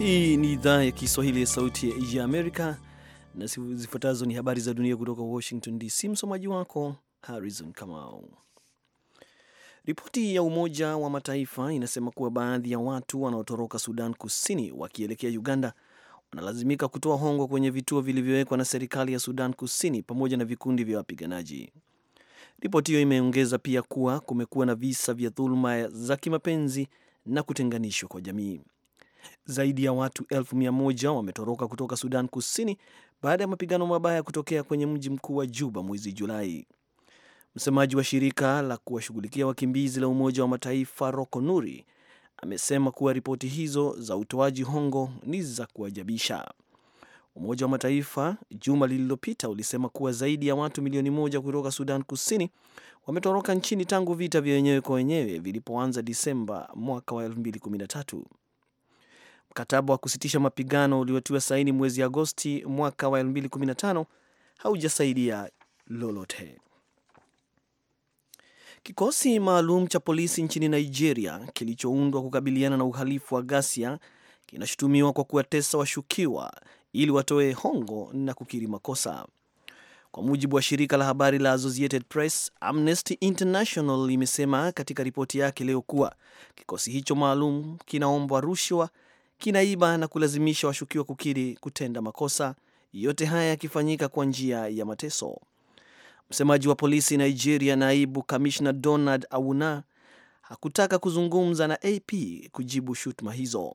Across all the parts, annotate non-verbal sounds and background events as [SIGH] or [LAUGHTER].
Hii ni idhaa ya Kiswahili ya Sauti ya Amerika, na zifuatazo ni habari za dunia kutoka Washington DC. Msomaji wako Harrison Kamau. Ripoti ya Umoja wa Mataifa inasema kuwa baadhi ya watu wanaotoroka Sudan Kusini wakielekea Uganda wanalazimika kutoa hongo kwenye vituo vilivyowekwa na serikali ya Sudan Kusini pamoja na vikundi vya wapiganaji. Ripoti hiyo imeongeza pia kuwa kumekuwa na visa vya dhuluma za kimapenzi na kutenganishwa kwa jamii. Zaidi ya watu elfu mia moja wametoroka kutoka Sudan Kusini baada ya mapigano mabaya kutokea kwenye mji mkuu wa Juba mwezi Julai. Msemaji wa shirika la kuwashughulikia wakimbizi la Umoja wa Mataifa Roko Nuri amesema kuwa ripoti hizo za utoaji hongo ni za kuajabisha. Umoja wa Mataifa juma lililopita ulisema kuwa zaidi ya watu milioni moja kutoka Sudan Kusini wametoroka nchini tangu vita vya wenyewe kwa wenyewe vilipoanza Disemba mwaka wa 2013. Mkataba wa kusitisha mapigano uliotiwa saini mwezi Agosti mwaka wa 2015 haujasaidia lolote. Kikosi maalum cha polisi nchini Nigeria kilichoundwa kukabiliana na uhalifu wa ghasia kinashutumiwa kwa kuwatesa washukiwa ili watoe hongo na kukiri makosa. Kwa mujibu wa shirika la habari la Associated Press, Amnesty International limesema katika ripoti yake leo kuwa kikosi hicho maalum kinaombwa rushwa kinaiba na kulazimisha washukiwa kukiri kutenda makosa, yote haya yakifanyika kwa njia ya mateso. Msemaji wa polisi Nigeria, naibu kamishna Donald Awuna, hakutaka kuzungumza na AP kujibu shutuma hizo.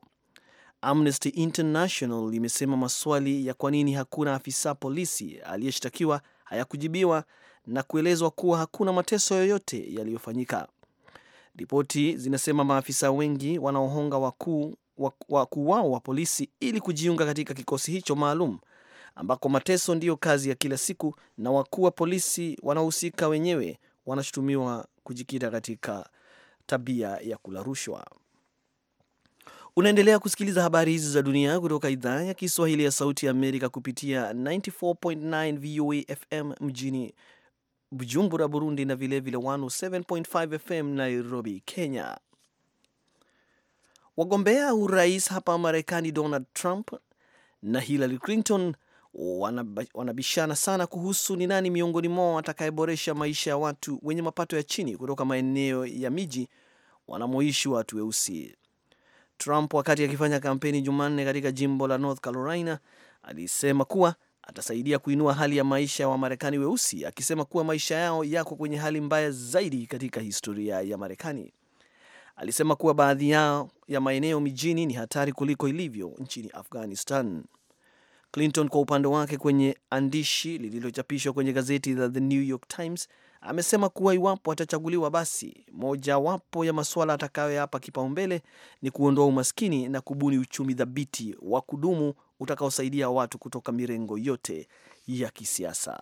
Amnesty International imesema maswali ya kwa nini hakuna afisa polisi aliyeshtakiwa hayakujibiwa na kuelezwa kuwa hakuna mateso yoyote yaliyofanyika. Ripoti zinasema maafisa wengi wanaohonga wakuu wakuu wao wa polisi ili kujiunga katika kikosi hicho maalum ambako mateso ndiyo kazi ya kila siku, na wakuu wa polisi wanaohusika wenyewe wanashutumiwa kujikita katika tabia ya kula rushwa. Unaendelea kusikiliza habari hizi za dunia kutoka idhaa ya Kiswahili ya Sauti ya Amerika kupitia 94.9 VOA FM mjini Bujumbura, Burundi, na vilevile 107.5 FM Nairobi, Kenya. Wagombea urais hapa Marekani, Donald Trump na Hillary Clinton wanabishana sana kuhusu ni nani miongoni mwao atakayeboresha maisha ya watu wenye mapato ya chini kutoka maeneo ya miji wanamoishi watu weusi. Trump wakati akifanya kampeni Jumanne katika jimbo la North Carolina alisema kuwa atasaidia kuinua hali ya maisha ya Wamarekani weusi, akisema kuwa maisha yao yako kwenye hali mbaya zaidi katika historia ya Marekani alisema kuwa baadhi yao ya maeneo mijini ni hatari kuliko ilivyo nchini Afghanistan. Clinton kwa upande wake, kwenye andishi lililochapishwa kwenye gazeti la The New York Times, amesema kuwa iwapo atachaguliwa, basi mojawapo ya masuala atakayoyapa kipaumbele ni kuondoa umaskini na kubuni uchumi thabiti wa kudumu utakaosaidia watu kutoka mirengo yote ya kisiasa.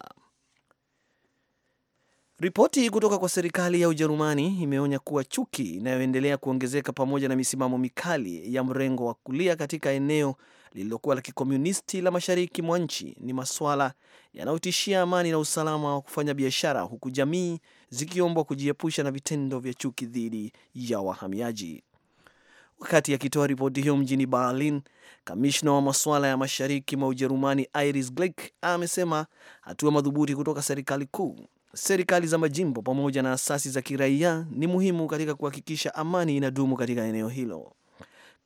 Ripoti kutoka kwa serikali ya Ujerumani imeonya kuwa chuki inayoendelea kuongezeka pamoja na misimamo mikali ya mrengo wa kulia katika eneo lililokuwa la kikomunisti la mashariki mwa nchi ni maswala yanayotishia amani na usalama wa kufanya biashara, huku jamii zikiombwa kujiepusha na vitendo vya chuki dhidi ya wahamiaji. Wakati akitoa ripoti hiyo mjini Berlin, kamishna wa masuala ya mashariki mwa Ujerumani Iris Gleick amesema hatua madhubuti kutoka serikali kuu serikali za majimbo pamoja na asasi za kiraia ni muhimu katika kuhakikisha amani inadumu katika eneo hilo.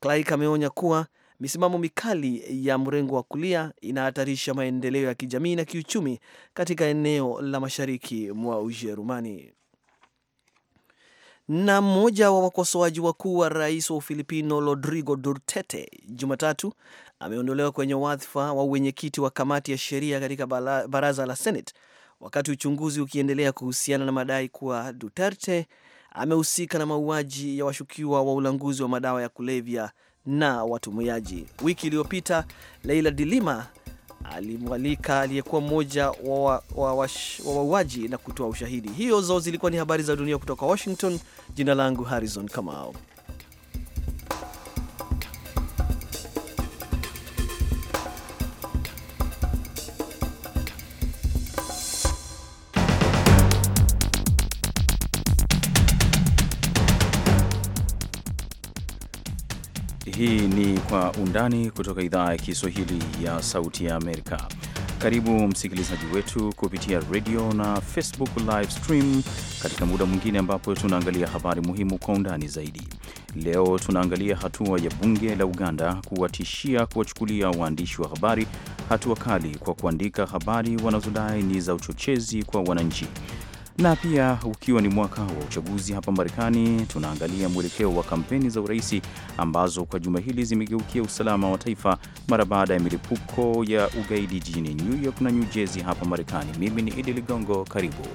Clark ameonya kuwa misimamo mikali ya mrengo wa kulia inahatarisha maendeleo ya kijamii na kiuchumi katika eneo la mashariki mwa Ujerumani. Na mmoja wa wakosoaji wakuu wa rais wa Ufilipino Rodrigo Duterte Jumatatu ameondolewa kwenye wadhifa wa uwenyekiti wa kamati ya sheria katika baraza la Senate wakati uchunguzi ukiendelea kuhusiana na madai kuwa Duterte amehusika na mauaji ya washukiwa wa ulanguzi wa madawa ya kulevya na watumiaji. Wiki iliyopita Leila Dilima alimwalika aliyekuwa mmoja wa wauaji wa na kutoa ushahidi. zo zilikuwa ni habari za dunia kutoka Washington. Jina langu Harrison Kamau. Kwa Undani kutoka idhaa ya Kiswahili ya Sauti ya Amerika. Karibu msikilizaji wetu kupitia radio na Facebook live stream katika muda mwingine ambapo tunaangalia habari muhimu kwa undani zaidi. Leo tunaangalia hatua ya bunge la Uganda kuwatishia kuwachukulia waandishi wa habari hatua kali kwa kuandika habari wanazodai ni za uchochezi kwa wananchi na pia ukiwa ni mwaka wa uchaguzi hapa Marekani, tunaangalia mwelekeo wa kampeni za uraisi ambazo kwa juma hili zimegeukia usalama wa taifa mara baada ya milipuko ya ugaidi jijini New York na New Jersey hapa Marekani. Mimi ni Idi Ligongo, karibu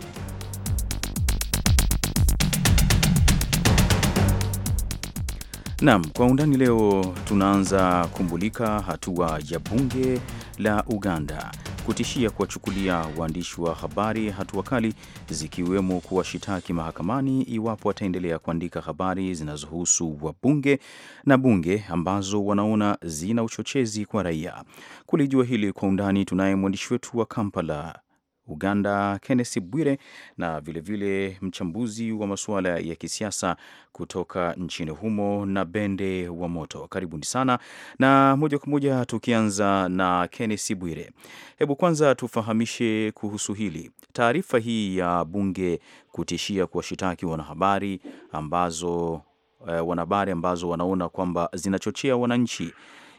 Nam kwa undani leo tunaanza kumbulika hatua ya bunge la Uganda kutishia kuwachukulia waandishi wa habari hatua kali zikiwemo kuwashitaki mahakamani iwapo wataendelea kuandika habari zinazohusu wabunge na bunge ambazo wanaona zina uchochezi kwa raia. Kulijua hili kwa undani, tunaye mwandishi wetu wa Kampala Uganda kennesi Bwire na vilevile vile mchambuzi wa masuala ya kisiasa kutoka nchini humo na Bende wa Moto. Karibuni sana, na moja kwa moja tukianza na kennesi Bwire, hebu kwanza tufahamishe kuhusu hili taarifa hii ya bunge kutishia kuwashitaki wanahabari ambazo eh, wanahabari ambazo wanaona kwamba zinachochea wananchi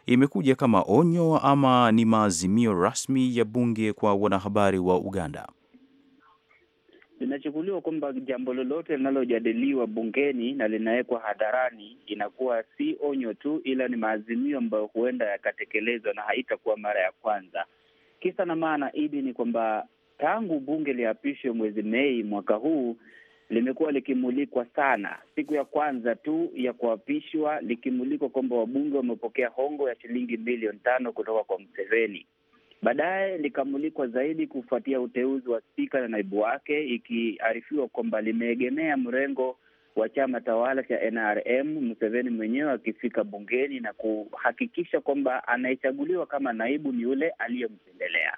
imekuja kama onyo ama ni maazimio rasmi ya bunge kwa wanahabari wa Uganda? Inachukuliwa kwamba jambo lolote linalojadiliwa bungeni na linawekwa hadharani inakuwa si onyo tu, ila ni maazimio ambayo huenda yakatekelezwa na haitakuwa mara ya kwanza. Kisa na maana, Idi, ni kwamba tangu bunge liapishwe mwezi Mei mwaka huu limekuwa likimulikwa sana. Siku ya kwanza tu ya kuapishwa likimulikwa kwamba wabunge wamepokea hongo ya shilingi milioni tano kutoka kwa Mseveni. Baadaye likamulikwa zaidi kufuatia uteuzi wa spika na naibu wake, ikiarifiwa kwamba limeegemea mrengo wa chama tawala cha NRM, Museveni mwenyewe akifika bungeni na kuhakikisha kwamba anayechaguliwa kama naibu ni yule aliyempendelea.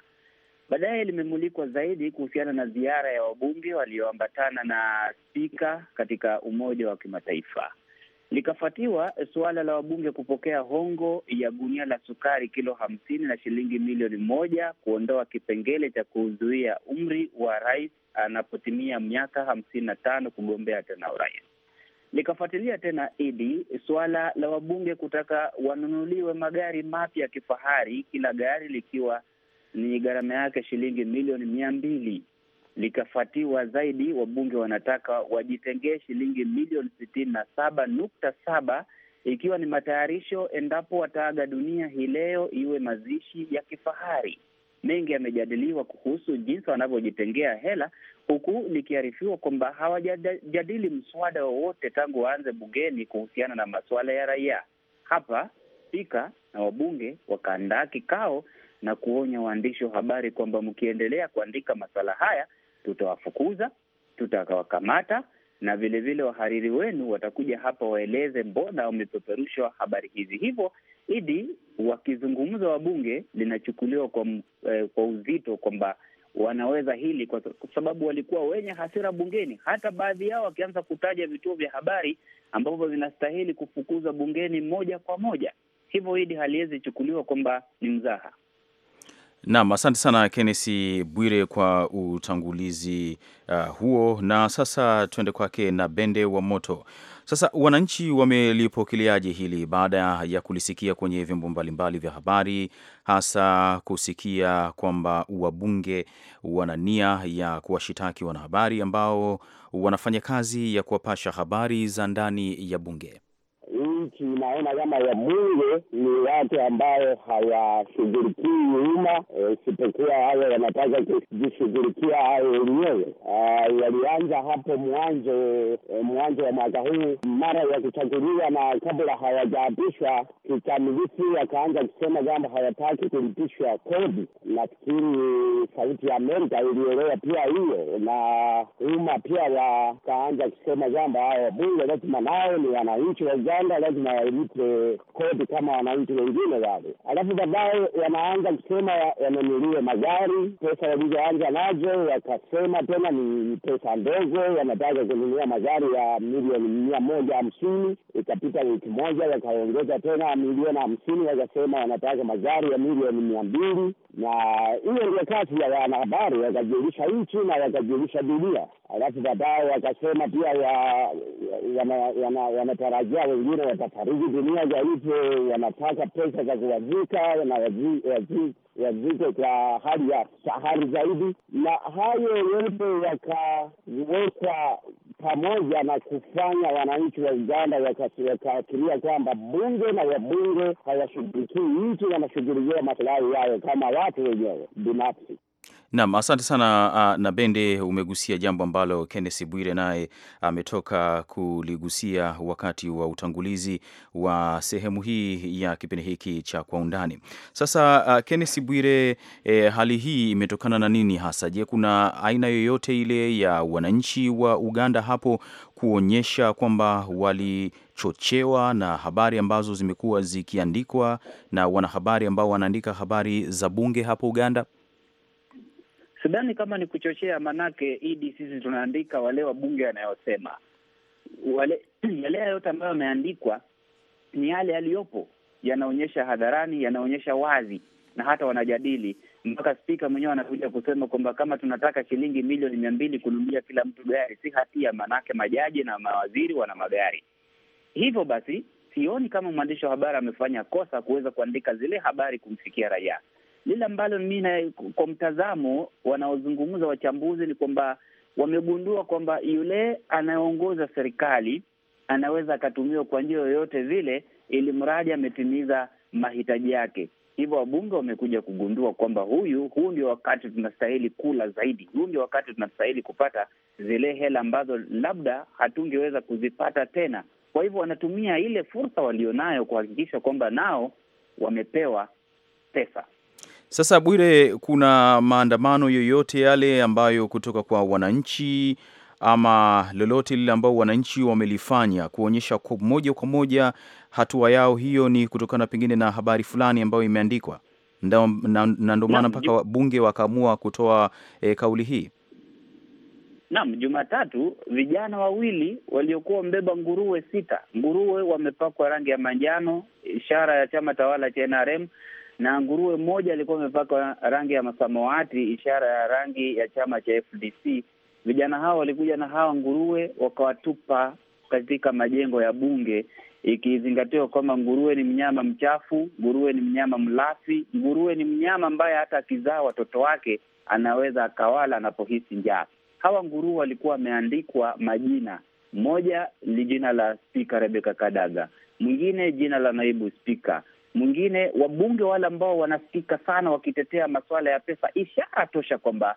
Baadaye limemulikwa zaidi kuhusiana na ziara ya wabunge walioambatana na spika katika Umoja wa Kimataifa. Likafuatiwa suala la wabunge kupokea hongo ya gunia la sukari kilo hamsini na shilingi milioni moja, kuondoa kipengele cha kuzuia umri wa rais anapotimia miaka hamsini na tano kugombea tena urais. Likafuatilia tena idi suala la wabunge kutaka wanunuliwe magari mapya ya kifahari, kila gari likiwa ni gharama yake shilingi milioni mia mbili likafuatiwa zaidi, wabunge wanataka wajitengee shilingi milioni sitini na saba nukta saba ikiwa ni matayarisho endapo wataaga dunia hii leo, iwe mazishi ya kifahari. Mengi yamejadiliwa kuhusu jinsi wanavyojitengea hela, huku likiarifiwa kwamba hawajajadili mswada wowote tangu waanze bungeni kuhusiana na masuala ya raia. Hapa spika na wabunge wakaandaa kikao na kuonya waandishi wa habari kwamba mkiendelea kuandika masala haya tutawafukuza, tutawakamata na vilevile vile wahariri wenu watakuja hapa waeleze mbona wamepeperushwa habari hizi. Hivyo idi wakizungumza wabunge linachukuliwa kwa, eh, kwa uzito kwamba wanaweza hili kwa sababu walikuwa wenye hasira bungeni, hata baadhi yao wakianza kutaja vituo vya habari ambavyo vinastahili kufukuza bungeni moja kwa moja. Hivyo hili haliwezi chukuliwa kwamba ni mzaha. Naam, asante sana Kennesi Bwire kwa utangulizi uh, huo. Na sasa tuende kwake na Bende wa Moto. Sasa wananchi wamelipokeleaje hili baada ya kulisikia kwenye vyombo mbalimbali vya habari, hasa kusikia kwamba wabunge wana nia ya kuwashitaki wanahabari ambao wanafanya kazi ya kuwapasha habari za ndani ya bunge? naona kama wabunge ni watu ambao hawashughulikii umma e, isipokuwa e, hawo wanataka kujishughulikia hayo wenyewe. E, walianza hapo mwanzo e, mwanzo wa mwaka huu mara ya kuchaguliwa, na kabla hawajaapishwa kikamilifu wakaanza kusema kwamba hawataki kulipishwa kodi. Nafikiri Sauti ya Amerika ilielewa pia hiyo, na umma pia wakaanza kusema kwamba hao wabunge lazima nao ni wananchi wa Uganda, lazima walipe eh, kodi kama wananchi wengine wale, alafu baadaye wanaanza kusema yanunulie magari, pesa walizoanza nazo wakasema tena ni pesa ndogo, wanataka kununua magari ya milioni mia moja hamsini. Ikapita wiki moja wakaongeza tena milioni hamsini, wakasema wanataka magari ya milioni mia mbili na hiyo ndio kazi ya wanahabari, wakajulisha nchi na wakajulisha dunia. Alafu baadaye wakasema pia wanatarajia wengine watafariki dunia zalipo, wanataka pesa za kuwazika na wazike kwa hali ya fahari zaidi, na hayo yote yakawekwa pamoja na kufanya wananchi wa Uganda wakafikiria kwamba bunge na wabunge hawashughulikii nchi, wanashughulikia masilahi yao kama watu wenyewe binafsi. Naam, asante sana uh, na Bende, umegusia jambo ambalo kennesi Bwire naye ametoka kuligusia wakati wa utangulizi wa sehemu hii ya kipindi hiki cha kwa undani. Sasa uh, Bwire, eh, hali hii imetokana na nini hasa? Je, kuna aina yoyote ile ya wananchi wa Uganda hapo kuonyesha kwamba walichochewa na habari ambazo zimekuwa zikiandikwa na wanahabari ambao wanaandika habari za bunge hapo Uganda? Sidhani kama ni kuchochea, manake idi e sisi tunaandika wale wabunge wanayosema, wale [CLEARS THROAT] yale yote ambayo yameandikwa ni yale yaliyopo, yanaonyesha hadharani, yanaonyesha wazi, na hata wanajadili mpaka spika mwenyewe anakuja kusema kwamba kama tunataka shilingi milioni mia mbili kununulia kila mtu gari, si hatia, manake majaji na mawaziri wana magari. Hivyo basi sioni kama mwandishi wa habari amefanya kosa kuweza kuandika zile habari kumfikia raia. Lile ambalo mi kwa mtazamo wanaozungumza wachambuzi ni kwamba wamegundua kwamba yule anayeongoza serikali anaweza akatumiwa kwa njia yoyote vile, ili mradi ametimiza mahitaji yake. Hivyo wabunge wamekuja kugundua kwamba huyu, huu ndio wakati tunastahili kula zaidi, huu ndio wakati tunastahili kupata zile hela ambazo labda hatungeweza kuzipata tena. Kwa hivyo wanatumia ile fursa walionayo kuhakikisha kwamba nao wamepewa pesa. Sasa Bwire, kuna maandamano yoyote yale ambayo kutoka kwa wananchi ama lolote lile ambao wananchi wamelifanya kuonyesha moja kwa moja hatua yao hiyo ni kutokana pengine na habari fulani ambayo imeandikwa na ndio maana mpaka bunge wakaamua kutoa e, kauli hii? Naam, Jumatatu vijana wawili waliokuwa wamebeba nguruwe sita, nguruwe wamepakwa rangi ya manjano, ishara ya chama tawala cha NRM, na nguruwe mmoja alikuwa amepakwa rangi ya masamawati, ishara ya rangi ya chama cha FDC. Vijana hao walikuja na hawa nguruwe wakawatupa katika majengo ya bunge, ikizingatiwa kwamba nguruwe ni mnyama mchafu, nguruwe ni mnyama mlafi, nguruwe ni mnyama ambaye hata akizaa watoto wake anaweza akawala anapohisi njaa. Hawa nguruwe walikuwa wameandikwa majina, mmoja ni jina la spika Rebeka Kadaga, mwingine jina la naibu spika mwingine, wabunge wale ambao wanasikika sana wakitetea masuala ya pesa, ishara tosha kwamba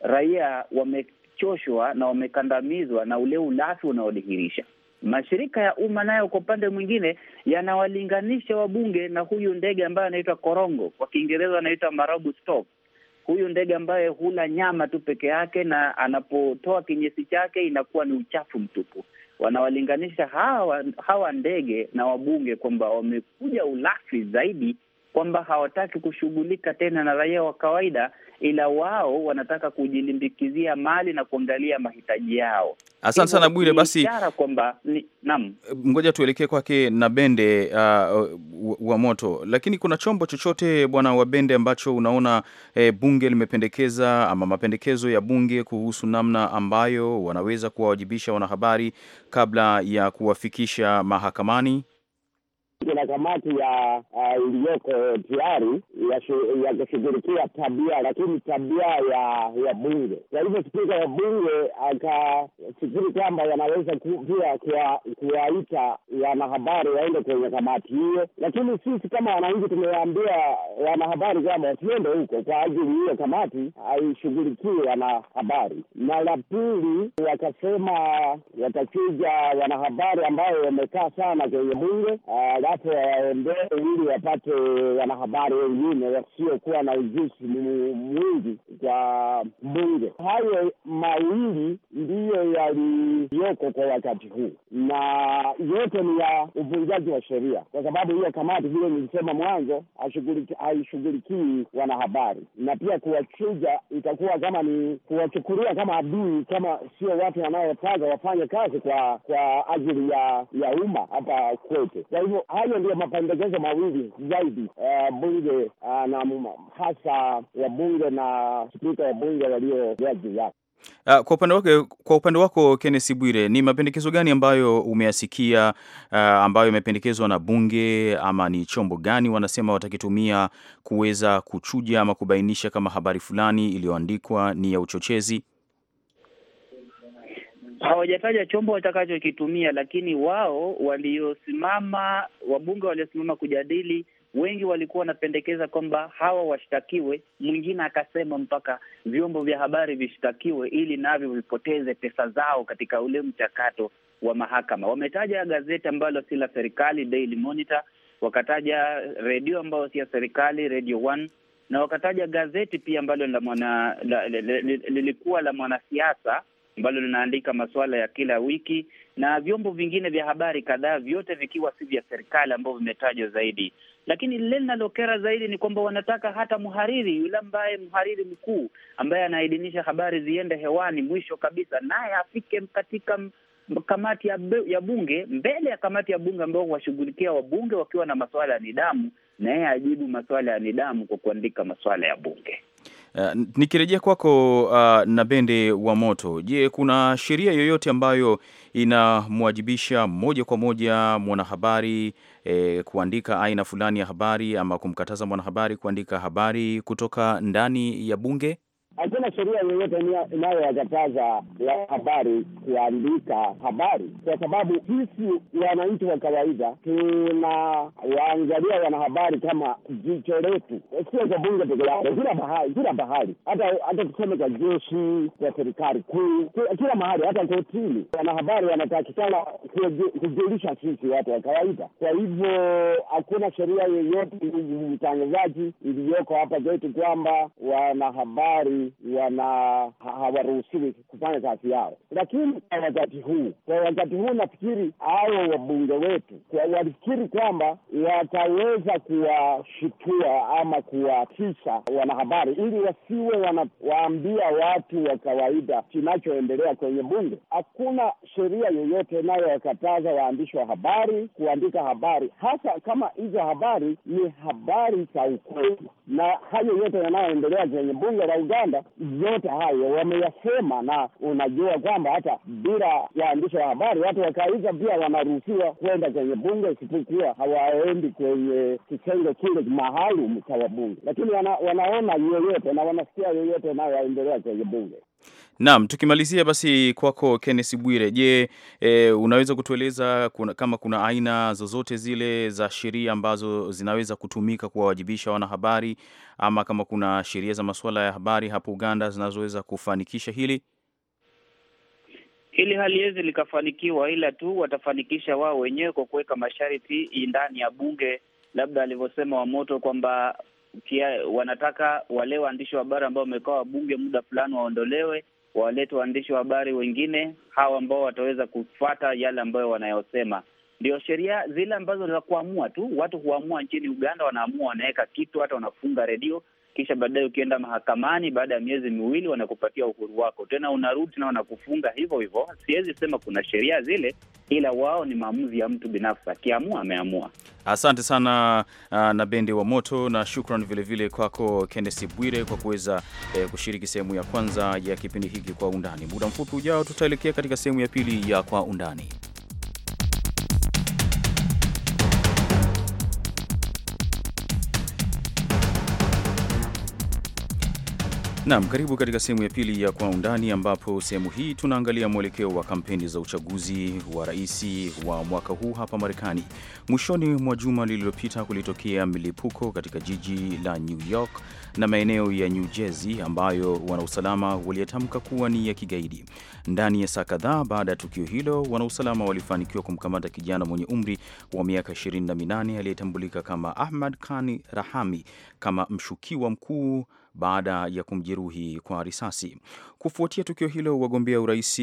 raia wamechoshwa na wamekandamizwa na ule ulafi unaodhihirisha. Mashirika ya umma nayo kwa upande mwingine yanawalinganisha wabunge na huyu ndege ambaye anaitwa korongo, kwa Kiingereza anaitwa marabu stork, huyu ndege ambaye hula nyama tu peke yake na anapotoa kinyesi chake inakuwa ni uchafu mtupu wanawalinganisha hawa hawa ndege na wabunge kwamba wamekuja ulafi zaidi kwamba hawataki kushughulika tena na raia wa kawaida, ila wao wanataka kujilimbikizia mali na kuangalia mahitaji yao. Asante sana Bwire. Basi kwamba naam, ngoja tuelekee kwake na Bende uh, wa moto. Lakini kuna chombo chochote bwana wa Bende ambacho unaona eh, bunge limependekeza ama mapendekezo ya bunge kuhusu namna ambayo wanaweza kuwawajibisha wanahabari kabla ya kuwafikisha mahakamani? na kamati ya uh, iliyoko tayari ya tabia, lakini tabia ya ya bunge. Kwa hivyo spika wa bunge akafikiri kwamba wanaweza pia kuwaita wanahabari waende kwenye kamati hiyo, lakini sisi kama wananchi tumewaambia wanahabari kwamba wasiende huko kwa ajili hiyo kamati haishughulikii wanahabari. Na la pili, wakasema watachuja wanahabari ambayo wamekaa sana kwenye bunge uh, wake wawaondoe ili wapate wanahabari wengine wasiokuwa na ujuzi mwingi kwa bunge. Hayo mawili ndiyo yaliyoko kwa wakati huu, na yote ni ya uvunjaji wa sheria, kwa sababu hiyo kamati, vile nilisema mwanzo, haishughulikii wanahabari, na pia kuwachuja itakuwa kama ni kuwachukulia kama adui, kama sio watu wanaotaza wafanye kazi kwa kwa ajili ya ya umma hapa kwetu. Kwa hivyo Hayo ndio mapendekezo mawili zaidi eh, bunge eh, na hasa wa bunge na spika wa bunge waliowea juu yake. Uh, kwa upande kwa upande wako Kenneth Bwire, ni mapendekezo gani ambayo umeyasikia uh, ambayo yamependekezwa na bunge ama ni chombo gani wanasema watakitumia kuweza kuchuja ama kubainisha kama habari fulani iliyoandikwa ni ya uchochezi? hawajataja chombo watakachokitumia, lakini wao waliosimama, wabunge waliosimama kujadili, wengi walikuwa wanapendekeza kwamba hawa washtakiwe. Mwingine akasema mpaka vyombo vya habari vishtakiwe ili navyo vipoteze pesa zao katika ule mchakato wa mahakama. Wametaja gazeti ambalo si la serikali, Daily Monitor, wakataja redio ambayo si ya serikali, Radio One, na wakataja gazeti pia ambalo lilikuwa la mwanasiasa ambalo linaandika masuala ya kila wiki na vyombo vingine vya habari kadhaa, vyote vikiwa si vya serikali ambavyo vimetajwa zaidi. Lakini lile linalokera zaidi ni kwamba wanataka hata mhariri yule ambaye mhariri mkuu ambaye anaidhinisha habari ziende hewani mwisho kabisa, naye afike katika kamati ya, ya bunge mbele ya kamati ya bunge ambao huwashughulikia wabunge wakiwa na masuala ya nidhamu, na yeye ajibu masuala ya nidhamu kwa kuandika masuala ya bunge. Uh, nikirejea kwako uh, na bende wa moto, je, kuna sheria yoyote ambayo inamwajibisha moja kwa moja mwanahabari eh, kuandika aina fulani ya habari ama kumkataza mwanahabari kuandika habari kutoka ndani ya bunge? Hakuna sheria yoyote inayowakataza wanahabari kuandika habari, kwa sababu sisi wananchi wa kawaida tunawaangalia wanahabari kama jicho letu, sio kwa bunge peke yake, kila mahali, kila mahali, hata hata tuseme kwa jeshi, kwa serikali kuu, kila mahali, hata kotini, wanahabari wanatakikana kujulisha sisi watu wa kawaida. Kwa hivyo hakuna sheria yoyote, mtangazaji, iliyoko hapa kwetu kwamba wanahabari fulani wana hawaruhusiwi kufanya kazi yao. Lakini kwa wakati huu, kwa wakati huu nafikiri hao wabunge wetu walifikiri kwamba wataweza kuwashitua ama kuwatisha wanahabari ili wasiwe wanawaambia watu wa kawaida kinachoendelea kwenye bunge. Hakuna sheria yoyote inayowakataza waandishi wa habari kuandika habari, hasa kama hizo habari ni habari za ukweli, na hayo yote yanayoendelea kwenye bunge la Uganda Uganda. Yote hayo wameyasema, na unajua kwamba hata bila waandishi wa habari watu wakaiza pia wanaruhusiwa kwenda kwenye bunge, isipokuwa hawaendi kwenye kitengo kile maalum cha wabunge, lakini wana, wanaona yoyote na wanasikia yoyote yanayoendelea kwenye bunge. Naam, tukimalizia basi kwako Kenneth Bwire, je, e, unaweza kutueleza kuna, kama kuna aina zozote zile za sheria ambazo zinaweza kutumika kuwawajibisha wanahabari ama kama kuna sheria za masuala ya habari hapo Uganda zinazoweza kufanikisha hili? Hili haliwezi likafanikiwa, ila tu watafanikisha wao wenyewe kwa kuweka masharti ndani ya bunge, labda alivyosema Wamoto kwamba kia, wanataka wale waandishi wa habari ambao wamekaa wabunge muda fulani waondolewe walete waandishi wa habari wengine hawa ambao wataweza kufata yale ambayo wanayosema. Ndio sheria zile ambazo za kuamua tu, watu huamua nchini Uganda, wanaamua wanaweka kitu, hata wanafunga redio, kisha baadaye ukienda mahakamani baada ya miezi miwili wanakupatia uhuru wako tena, unarudi na wanakufunga hivyo hivyo. Siwezi sema kuna sheria zile, ila wao ni maamuzi ya mtu binafsi, akiamua ameamua. Asante sana uh, na bendi wa moto na shukran vilevile kwako kennesi Bwire kwa kuweza eh, kushiriki sehemu ya kwanza ya kipindi hiki kwa undani. Muda mfupi ujao tutaelekea katika sehemu ya pili ya kwa undani. Naam, karibu katika sehemu ya pili ya Kwa Undani, ambapo sehemu hii tunaangalia mwelekeo wa kampeni za uchaguzi wa rais wa mwaka huu hapa Marekani. Mwishoni mwa juma lililopita kulitokea milipuko katika jiji la New York na maeneo ya New Jersey ambayo wanausalama waliyetamka kuwa ni ya kigaidi. Ndani ya saa kadhaa baada ya tukio hilo, wanausalama walifanikiwa kumkamata kijana mwenye umri wa miaka 28 aliyetambulika kama Ahmad Khan Rahami kama mshukiwa mkuu baada ya kumjeruhi kwa risasi. Kufuatia tukio hilo, wagombea urais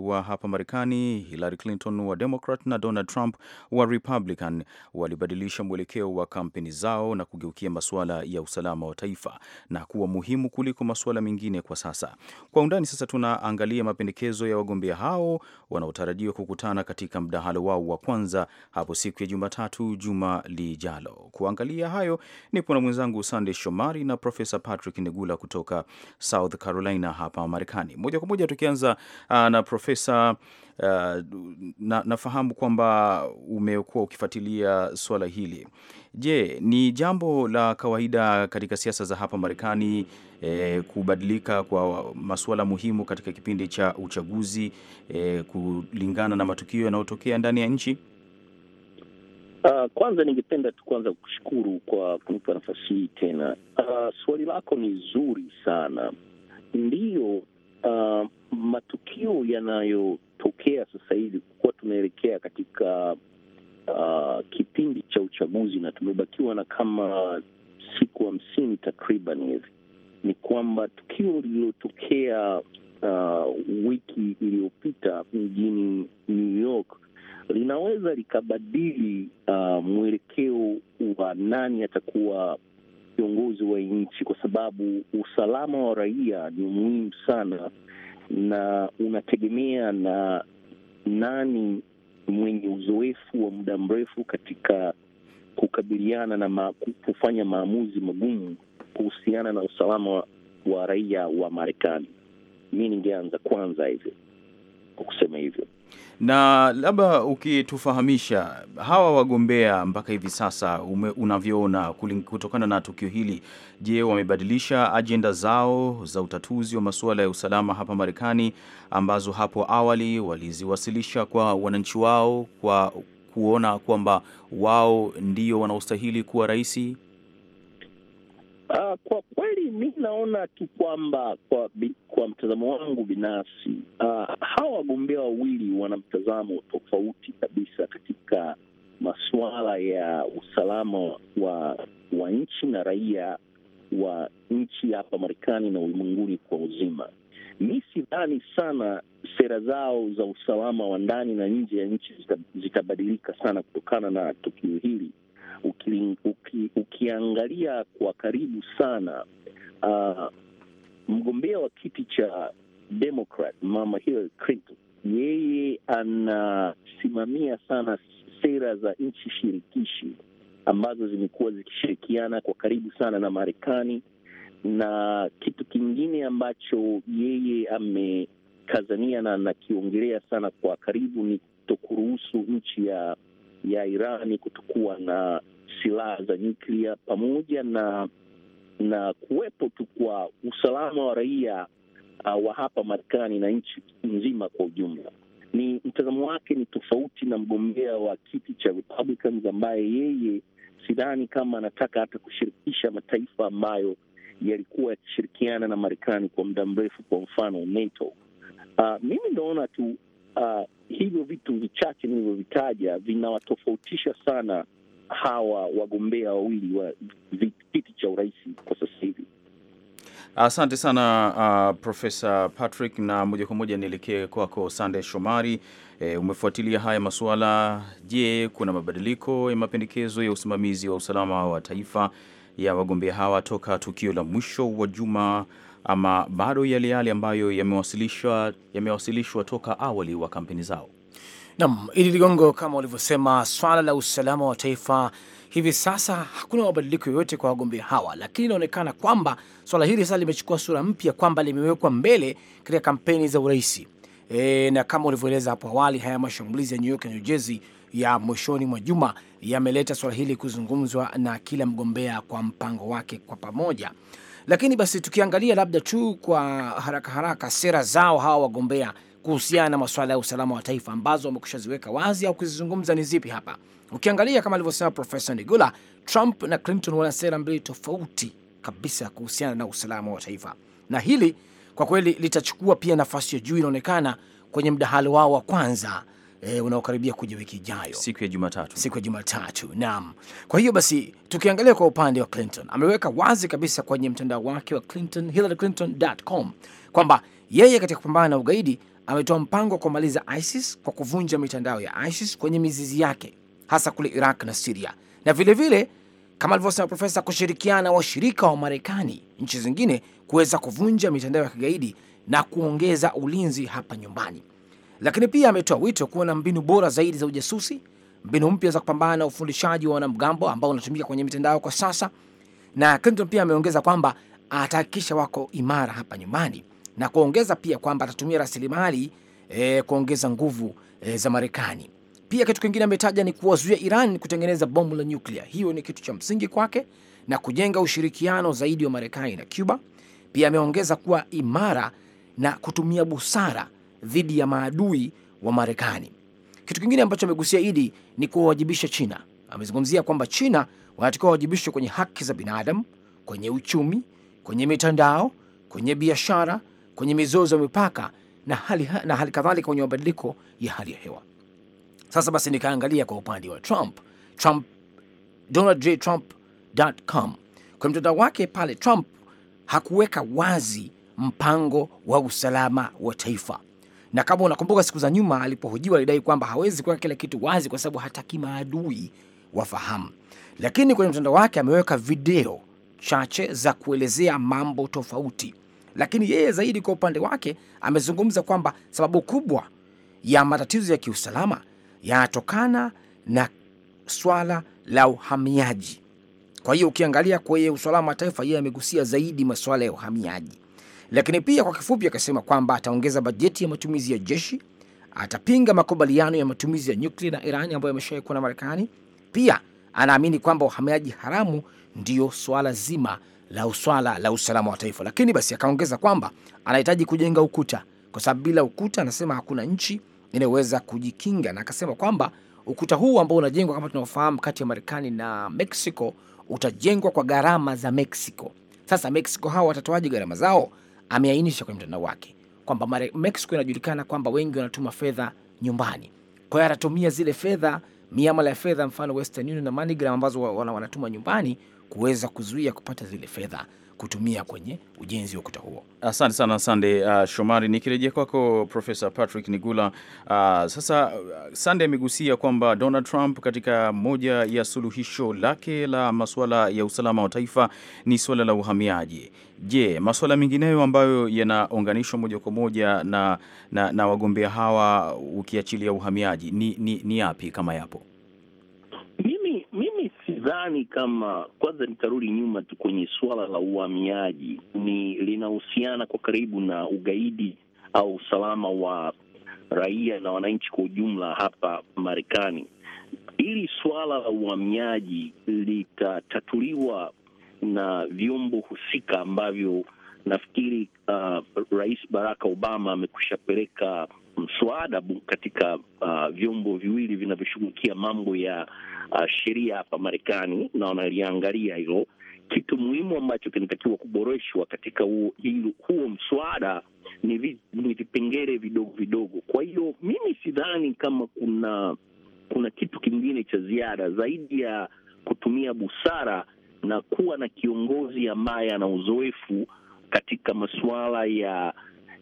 wa hapa Marekani Hillary Clinton wa Democrat na Donald Trump wa Republican walibadilisha mwelekeo wa kampeni zao na kugeukia masuala ya usalama wa taifa na kuwa muhimu kuliko masuala mengine kwa sasa. Kwa undani sasa tunaangalia mapendekezo ya wagombea hao wanaotarajiwa kukutana katika mdahalo wao wa kwanza hapo siku ya Jumatatu juma lijalo. Kuangalia hayo nipo na mwenzangu Sande Shomari na Profesa Patrick Patrick Negula kutoka South Carolina hapa Marekani. Moja kwa moja tukianza uh, na profesa uh, na, nafahamu kwamba umekuwa ukifuatilia swala hili. Je, ni jambo la kawaida katika siasa za hapa Marekani eh, kubadilika kwa masuala muhimu katika kipindi cha uchaguzi eh, kulingana na matukio yanayotokea ndani ya nchi? Uh, kwanza ningependa tu kwanza kushukuru kwa kunipa nafasi hii tena. Uh, swali lako ni zuri sana. Ndiyo, uh, matukio yanayotokea sasa hivi kuwa tunaelekea katika uh, kipindi cha uchaguzi na tumebakiwa na kama siku hamsini takriban hivi, ni kwamba tukio lililotokea uh, wiki iliyopita mjini New York linaweza likabadili uh, mwelekeo wa nani atakuwa kiongozi wa nchi, kwa sababu usalama wa raia ni muhimu sana na unategemea na nani mwenye uzoefu wa muda mrefu katika kukabiliana na ma, kufanya maamuzi magumu kuhusiana na usalama wa, raia wa Marekani. Mi ningeanza kwanza hivyo kwa kusema hivyo. Na labda ukitufahamisha hawa wagombea mpaka hivi sasa unavyoona kutokana na tukio hili, je, wamebadilisha ajenda zao za utatuzi wa masuala ya usalama hapa Marekani ambazo hapo awali waliziwasilisha kwa wananchi wao kwa kuona kwamba wao ndio wanaostahili kuwa raisi Uh, kwa kweli mi naona tu kwamba kwa, kwa mtazamo wangu binafsi uh, hawa wagombea wawili wana mtazamo tofauti kabisa katika masuala ya usalama wa, wa nchi na raia wa nchi hapa Marekani na ulimwenguni kwa uzima. Mi sidhani sana sera zao za usalama wa ndani na nje ya nchi zitabadilika sana kutokana na tukio hili uki, uki, ukiangalia kwa karibu sana uh, mgombea wa kiti cha Democrat mama Hillary Clinton, yeye anasimamia sana sera za nchi shirikishi ambazo zimekuwa zikishirikiana kwa karibu sana na Marekani, na kitu kingine ambacho yeye amekazania na anakiongelea sana kwa karibu ni kutokuruhusu nchi ya ya Irani kutokuwa na silaha za nyuklia pamoja na na kuwepo tu kwa usalama wa raia uh, wa hapa Marekani na nchi nzima kwa ujumla. Ni mtazamo wake ni tofauti na mgombea wa kiti cha Republicans ambaye yeye sidhani kama anataka hata kushirikisha mataifa ambayo yalikuwa yakishirikiana na Marekani kwa muda mrefu, kwa mfano NATO. Uh, mimi naona tu uh, hivyo vitu vichache nilivyovitaja vinawatofautisha sana hawa wagombea wawili wa kiti cha urais kwa sasa hivi. Asante sana uh, Profesa Patrick, na moja kwa moja nielekee kwako Sande Shomari. E, umefuatilia haya masuala. Je, kuna mabadiliko ya mapendekezo ya usimamizi wa usalama wa taifa ya wagombea hawa toka tukio la mwisho wa juma ama bado yale yale ambayo yamewasilishwa yamewasilishwa toka awali wa kampeni zao? nam Idi Ligongo, kama ulivyosema, swala la usalama wa taifa hivi sasa hakuna mabadiliko yoyote kwa wagombea hawa, lakini inaonekana kwamba swala hili sasa limechukua sura mpya, kwamba limewekwa mbele katika kampeni za urais E, na kama ulivyoeleza hapo awali, haya mashambulizi ya New York na New Jersey ya mwishoni mwa juma yameleta swala hili kuzungumzwa na kila mgombea kwa mpango wake kwa pamoja. Lakini basi tukiangalia labda tu kwa haraka haraka sera zao hawa wagombea kuhusiana na masuala ya usalama wa taifa ambazo wamekushaziweka wazi au kuzizungumza ni zipi hapa? Ukiangalia kama alivyosema Profesa Nigula, Trump na Clinton wana sera mbili tofauti kabisa kuhusiana na usalama wa taifa, na hili kwa kweli litachukua pia nafasi ya juu inaonekana kwenye mdahalo wao wa kwanza e, unaokaribia kuja wiki ijayo siku ya Jumatatu, siku ya Jumatatu. Naam, kwa hiyo basi tukiangalia kwa upande wa Clinton, ameweka wazi kabisa kwenye mtandao wake wa Clinton, hillaryclinton.com kwamba yeye katika kupambana na ugaidi ametoa mpango wa kumaliza ISIS kwa kuvunja mitandao ya ISIS kwenye mizizi yake hasa kule Iraq na Siria, na vilevile vile, kama alivyosema profesa, kushirikiana na washirika wa, wa Marekani nchi zingine kuweza kuvunja mitandao ya kigaidi na kuongeza ulinzi hapa nyumbani lakini pia ametoa wito kuwa na mbinu bora zaidi za ujasusi, mbinu mpya za kupambana na ufundishaji wa wanamgambo ambao unatumika kwenye mitandao kwa sasa. Na Clinton pia ameongeza kwamba atahakikisha wako imara hapa nyumbani na kuongeza pia kwamba atatumia rasilimali e, kuongeza nguvu e, za Marekani. Pia kitu kingine ametaja ni kuwazuia Iran kutengeneza bomu la nyuklia. Hiyo ni kitu cha msingi kwake na kujenga ushirikiano zaidi wa Marekani na Cuba. Pia ameongeza kuwa imara na kutumia busara dhidi ya maadui wa Marekani. Kitu kingine ambacho amegusia Idi ni kuwawajibisha China. Amezungumzia kwamba China wanatakiwa wawajibishwe kwenye haki za binadamu, kwenye uchumi, kwenye mitandao, kwenye biashara, kwenye mizozo ya mipaka na hali, na hali kadhalika kwenye mabadiliko ya hali ya hewa. Sasa basi nikaangalia kwa upande wa Trump, Trump Donald J kwenye mtandao wake pale, Trump hakuweka wazi mpango wa usalama wa taifa na kama unakumbuka siku za nyuma alipohojiwa alidai kwamba hawezi kuweka kila kitu wazi kwa sababu hataki maadui wafahamu, lakini kwenye mtandao wake ameweka video chache za kuelezea mambo tofauti. Lakini yeye zaidi kwa upande wake amezungumza kwamba sababu kubwa ya matatizo ya kiusalama yanatokana na swala la uhamiaji. Kwa hiyo ukiangalia kwenye usalama wa taifa, yeye amegusia zaidi masuala ya uhamiaji. Lakini pia kwa kifupi akasema kwamba ataongeza bajeti ya matumizi ya jeshi, atapinga makubaliano ya matumizi ya nyuklia na Iran ambayo yameshawahi kuwa na Marekani. Pia anaamini kwamba uhamiaji haramu ndiyo swala zima la swala la usalama wa taifa, lakini basi akaongeza kwamba anahitaji kujenga ukuta, kwa sababu bila ukuta, anasema hakuna nchi inayoweza kujikinga, na akasema kwamba ukuta huu ambao unajengwa kama tunavyofahamu, kati ya Marekani na Mexico utajengwa kwa gharama za Mexico. Sasa Mexico hawa watatoaje gharama zao? ameainisha kwenye mtandao wake kwamba Mexico inajulikana kwamba wengi wanatuma fedha nyumbani. Kwa hiyo atatumia zile fedha, miamala ya fedha, mfano Western Union na MoneyGram ambazo wanatuma nyumbani kuweza kuzuia kupata zile fedha kutumia kwenye ujenzi wa ukuta huo. Asante sana Sande uh, Shomari. Nikirejea kwako Profesa Patrick Nigula, uh, sasa uh, Sande amegusia kwamba Donald Trump katika moja ya suluhisho lake la masuala ya usalama wa taifa ni suala la uhamiaji. Je, masuala mengineyo ambayo yanaunganishwa moja kwa moja na, na, na wagombea hawa ukiachilia uhamiaji ni, ni, ni yapi kama yapo? sidhani kama, kwanza nitarudi nyuma tu kwenye suala la uhamiaji, ni linahusiana kwa karibu na ugaidi au usalama wa raia na wananchi kwa ujumla hapa Marekani. Hili suala la uhamiaji litatatuliwa na vyombo husika ambavyo nafikiri uh, Rais Barack Obama amekwisha peleka mswada katika uh, vyombo viwili vinavyoshughulikia mambo ya uh, sheria hapa Marekani na wanaliangalia hilo. Kitu muhimu ambacho kinatakiwa kuboreshwa katika huo, hilo, huo mswada ni, vi, ni vipengele vidogo vidogo. Kwa hiyo mimi sidhani kama kuna kuna kitu kingine cha ziada zaidi ya kutumia busara na kuwa na kiongozi ambaye ana uzoefu katika masuala ya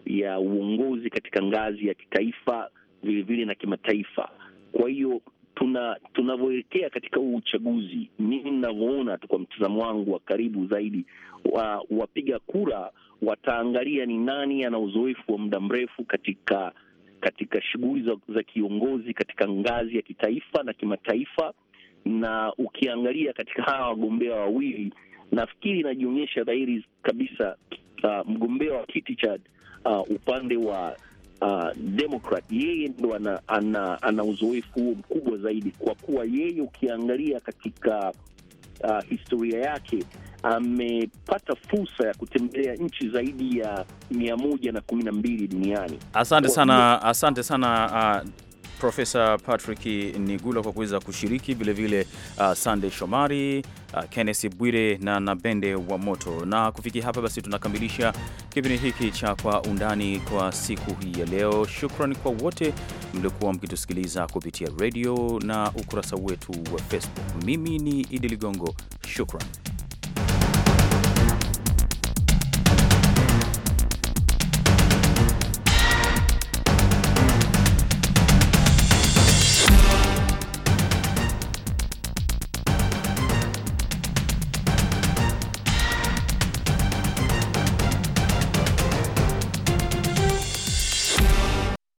ya uongozi katika ngazi ya kitaifa vilevile na kimataifa. Kwa hiyo tuna tunavyoelekea katika huu uchaguzi, mimi ninavyoona tu kwa mtazamo wangu wa karibu zaidi, wa, wapiga kura wataangalia ni nani ana uzoefu wa muda mrefu katika katika shughuli za, za kiongozi katika ngazi ya kitaifa na kimataifa, na ukiangalia katika hawa wagombea wawili nafikiri inajionyesha dhahiri kabisa uh, mgombea wa kiti cha uh, upande wa uh, Democrat yeye ndo ana, ana, ana uzoefu huo mkubwa zaidi, kwa kuwa yeye ukiangalia katika uh, historia yake amepata fursa ya kutembelea nchi zaidi ya mia moja na kumi na mbili duniani. Asante sana, asante sana uh... Profesa Patrick Nigula kwa kuweza kushiriki vilevile vile, uh, Sunday Shomari uh, Kennes Bwire na Nabende wa Moto. Na kufikia hapa basi, tunakamilisha kipindi hiki cha Kwa Undani kwa siku hii ya leo. Shukran kwa wote mliokuwa mkitusikiliza kupitia redio na ukurasa wetu wa Facebook. Mimi ni Idi Ligongo, shukran.